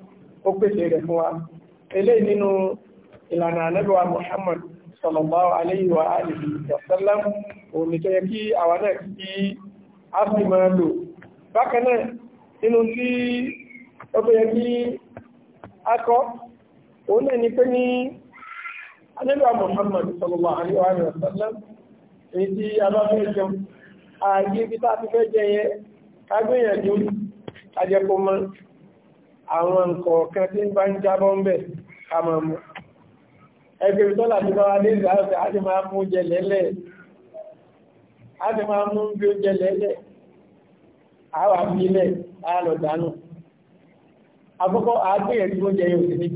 ó pèsè rẹ̀ fún wa eléyìí nínú ìlànà ànábì wa Muhammad sallallahu alayhi wa alihi wa sallam òun ni tó yẹ kí àwa náà kí a sì máa lò bákan náà nínú tí ó tó kí a kọ́ òun náà ni pé ní ànábì wa Muhammad sallallahu alayhi wa sallam èyí tí a bá fẹ́ jẹun ààyè ibi àwọn nǹkan ọ̀kan tí ń bá ń jábọ́ ń bẹ̀ ká máa mú ti bá wa ní ìdáhùn àti máa mú oúnjẹ lẹ́lẹ̀ àti máa mú bí oúnjẹ lẹ́lẹ̀ àwà fílẹ̀ àlọ̀ àkọ́kọ́ àgbéyẹ̀dì ní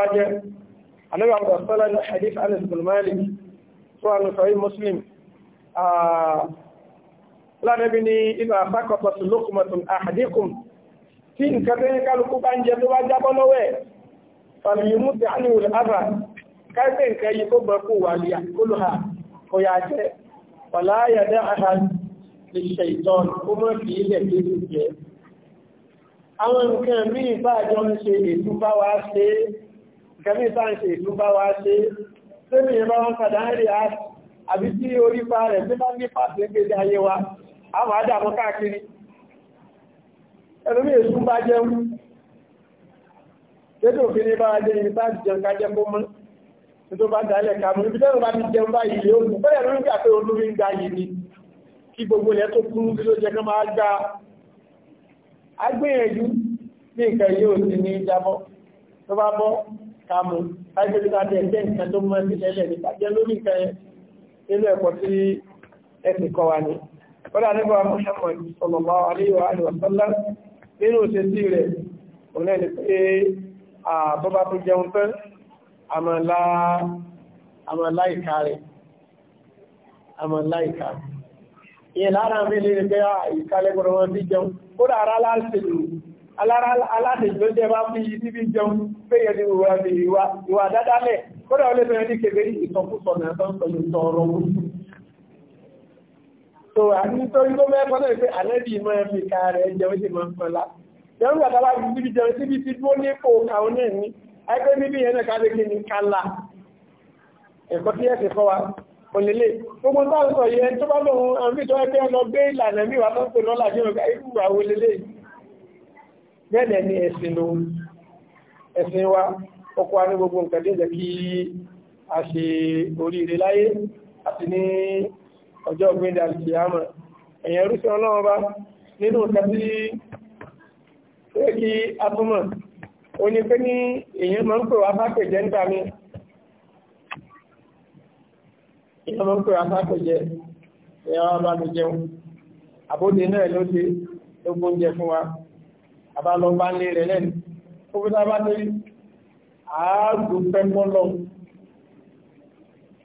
bá Ànábì àwọn ọ̀sọ́lá ní hadith Anas bin Malik tó wà ní sọ̀rí Muslim. Lánàbí ni inú àfákọ̀tọ̀ sí lókùmọ̀tún àhàdíkùn tí nǹkan tó yẹ kálukú bá ń jẹ tó bá jábọ́ lọ́wọ́ ẹ̀. Fàmìyìmú ti á ní wùlẹ̀ àbà, káìpé nǹkan yìí kó bọ̀ kú wà ní àkólù ha, kò yà jẹ́, wàlá yàdá àhà lè ṣe ìtọ́n, ó mọ́ fi ilẹ̀ tó ti jẹ. Àwọn nǹkan wa ṣe kẹ́mí sáǹṣe ìlú bá wá ṣe sẹ́mi ìbá wọn padà ń rí àbí tí orí pa rẹ̀ tí bá ní pàṣẹ gbèdé ayé wa a máa dàmú káàkiri ẹlòmí èṣù bá jẹun tẹ́tò òfin ní bá wá jẹun bá jẹun ká jẹun bó mọ́ tó bá dálẹ̀ kàmù ibi tẹ́rù bá ti jẹun bá ìlé òkú fẹ́rẹ̀ ló ń gbà pé olórin gba yìí ni kí gbogbo ilẹ̀ tó kúrú bí ló jẹ kán máa gba agbẹ́yẹ̀jú ní nǹkan yóò ti ní ìjábọ́ tó bá bọ́ kàmù kájẹ́lúkàtẹ̀ jẹ́ nǹkan tó mọ́ ní ẹlẹ́ ní pàjẹ́ lórí nǹkan ilé ẹ̀kọ́ tí ẹ̀sìn kọ wa ní kọ́dà nígbà Muhammad sallallahu alaihi wa alihi wa sallam nínú òṣèṣì rẹ̀ òun ẹni pé àbọ́bá tó jẹun tán àmọ̀lá ìka rẹ̀ àmọ̀lá ìka ìyẹn lára mi lè rí pé ìka lẹ́gbọ̀rọ̀ wọn bí jẹun kódà ara alátẹ̀jọ́ jẹ́ bá fi yìí níbi jẹun péye ní ìwà dádálẹ̀ kódà ó lè bẹ̀rẹ̀ ní kèfèrí ìtọ́kùsọ náà tó ń sọ ní so àti nítorí tó mẹ́ fọ́nà pé àlẹ́bí mọ́ ẹ̀fì ká rẹ̀ jẹun sí máa ń fọ́nlá jẹun gbàtà bá fi síbi jẹun síbi ti dúró ní kò kàún náà ní ẹgbẹ́ níbi yẹn náà káde kí ni kálá ẹ̀kọ́ tí ẹ̀sìn fọ́ sọ yẹn tó bá lóun àwọn ìtọ́ ẹgbẹ́ lọ ìlànà mí wà tó ń pè lọ́là jẹun irú àwọn òlélẹ̀ yìí bẹ́ẹ̀ ni ẹ̀sìn ló ẹ̀sìn wa ọkọ̀ ní gbogbo nǹkan tí ó jẹ́ kí a ṣe oríire láyé àti ní ọjọ́ ọ̀gbìn dàlùkì àmọ́ ẹ̀yẹn rúṣẹ́ ọlọ́run bá nínú nǹkan tí ó yẹ kí a túmọ̀ ó ní pé ní èèyàn máa ń pè wá sápèjẹ́ nígbà ń pè wá sápèjẹ́ fún wa àbálọ́gbá lé rẹ̀ lẹ́nu ó fi dábá lérí ààgùn pẹ́pọ́ lọ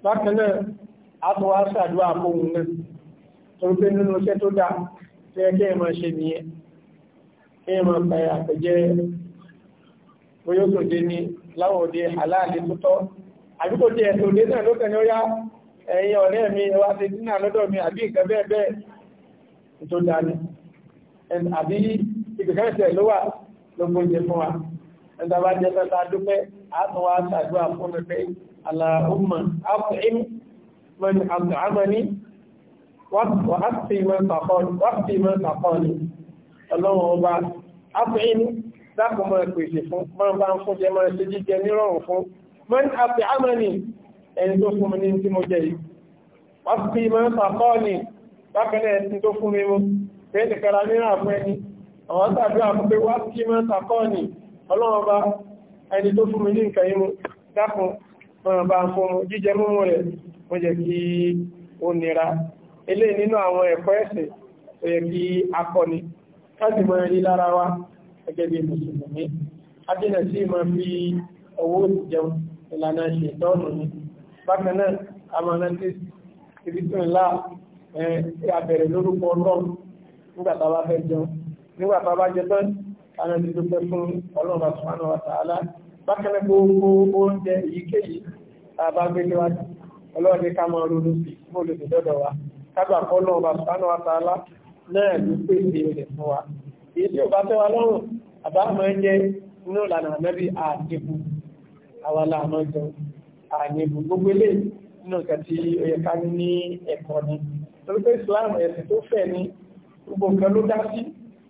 bákanáà àtọwà ṣàdúrà fóun náà tó ń pé nínú iṣẹ́ tó dá tí ẹ kéèmọ̀ ṣe nìyẹn kéèmọ̀ pẹ̀ àpẹjẹ bóyó tó dé ní láwọ̀dé aláàdé tó tọ́ àdúgbò tí ẹ̀ tó dé náà ló kẹ́ni ó yá ẹ̀yin ọ̀rẹ́ mi wá ti dínà lọ́dọ̀ mi àbí nǹkan bẹ́ẹ̀ bẹ́ẹ̀ tó dá àbí ìgbẹ̀kẹ́sẹ̀ ló wà lógún jẹ fún wa ẹ̀dà bá jẹ́ tẹ́ta dúpẹ́ àtọwà àtàdúwà fún pẹ́pẹ́ Allahumma af'im man at'amani wa afi man saqani ọlọ́run ọba af'im dákùn mọ́ pèsè fún máa bá ń fún jẹ mọ́ ṣe jíjẹ nírọ̀rùn fún man at'amani ẹni tó fún mi ní tí mo jẹ yìí wa afi man saqani bákan náà ẹni tó fún mi mú bẹ́ẹ̀ nìkan ra mìíràn fún ẹni àwọn tàbí àpapẹ wá kí mọ́ takọ́ ní ọlọ́run bá ẹni tó fún mi ní nǹkan imú dákun ọ̀rọ̀ bá fún jíjẹ múmú rẹ̀ mo jẹ́ kí ó nira ilé nínú àwọn ẹ̀kọ́ ẹ̀sẹ̀ tó yẹ kí akọni láti mọ ẹni lára wa gẹ́gẹ́ bí mùsùlùmí adínà sí mọ fi owó jẹun ìlànà ṣètọ́nù ni bákan náà amọ̀nàtí ibi tó ńlá ẹ̀ fẹ́ jẹun nígbà tá a bá jẹ tán kára ti dúpẹ́ fún ọlọ́run subhanahu wa ta'ala bákan náà gbogbo oúnjẹ èyíkéyìí tá a ọlọ́run ní ká máa sí mo lè wa kágbà kọ́ ọlọ́run subhanahu wa ta'ala náà ló pèsè rẹ̀ fún wa èyí tí ò bá tẹ́ wa lọ́rùn àbámọ̀ ẹ̀jẹ̀ inú ìlànà àmẹ́bí àdébù àwọn aláàmọ́ jẹun àyẹ̀bù gbogbo ilé nínú nǹkan tí ó yẹ ká ní ẹ̀kọ́ ni torí pé Islam ẹ̀sìn tó fẹ̀ ni gbogbo nǹkan ló dá sí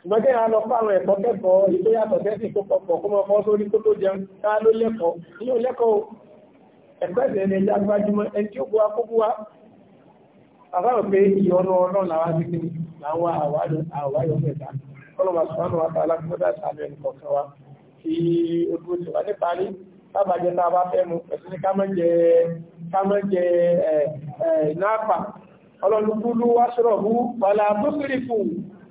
ṣùgbọ́n kí àwọn ọlọ́pàá àwọn ẹ̀kọ́ kẹ́kọ̀ọ́ ìtó yàtọ̀ tẹ́sì tó pọ̀pọ̀ kó mọ́ fọ́ sórí kó tó jẹun ká ló lẹ́kọ̀ọ́ ní ò lẹ́kọ̀ọ́ ẹ̀kọ́ ẹ̀sẹ̀ ẹ̀lẹ́ ẹ̀já gbájúmọ́ ẹni tí ó buwa kó buwa bàbá rò pé ìyọnu ọlọ́run làwọn ti kiri làwọn àwáyọ àwáyọ mẹ́ta ọlọ́mà sùpánù wàtà alákùnrin sàmì ẹnì kọ̀ọ̀kan wa kí o dúró sí wa níparí tábàjẹ tá a bá fẹ́ mu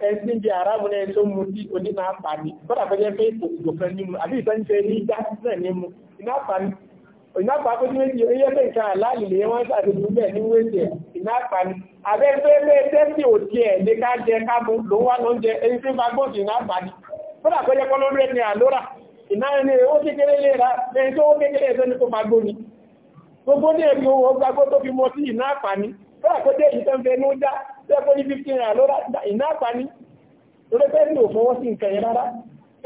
ezi bíi aráàbù náà tó mu tí oní máa pa ni kọ́dà fẹ́ jẹ́ pé òkùnkùn ní mu àbí ìtọ́ni fẹ́ ní ìjà náà ní mu iná pa ni iná pa kó tí oyé lè wọ́n bẹ́ẹ̀ ní iná pa tẹ́sí òtí ẹ̀ ká jẹ ká jẹ ẹni tí iná pa jẹ́ kọ́ rẹ̀ ní iná bẹ́ẹ̀ kó dé ìtàn fẹ́ ló dá bẹ́ẹ̀ kó ní fifteen naira ló rà iná àpáni lórí pé mi ò fọwọ́ sí nǹkan yẹn rárá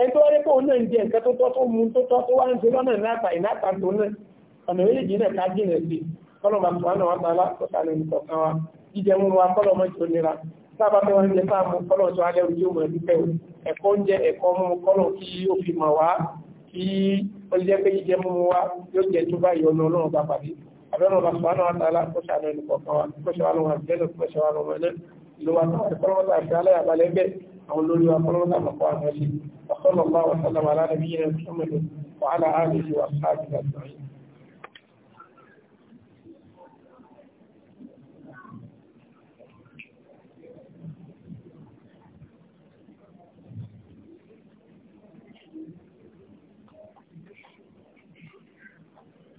ẹni tó wá rí pé òun náà ń jẹ nǹkan tó tọ́ tó mu tó tọ́ tó wá ń ṣe lọ́nà iná àpá iná àpá tó náà ọ̀nà méjèèjì náà ká jìnà sí kọ́lọ̀ máa tó wánà wá bá alákòóso àlẹ́ nìkan abẹ́rẹ́ ọba sọ́nà àtàlà kó ṣàánú ẹnu kọ̀ọ̀kan wa kó ṣàánú wa jẹ́nu kó ṣàánú ọmọ ẹni ìlú wa náà kọ́lọ́mọ́sá àti aláyàbalẹ̀ ẹgbẹ́ àwọn olórí wa kọ́lọ́mọ́sá àpapọ̀ àwọn ẹ̀sìn ọ̀sọ́lọ́gbà wa sálàmà alánàbíyẹn muhammadu wa alá àmì wa sáàbì àti ọ̀yìn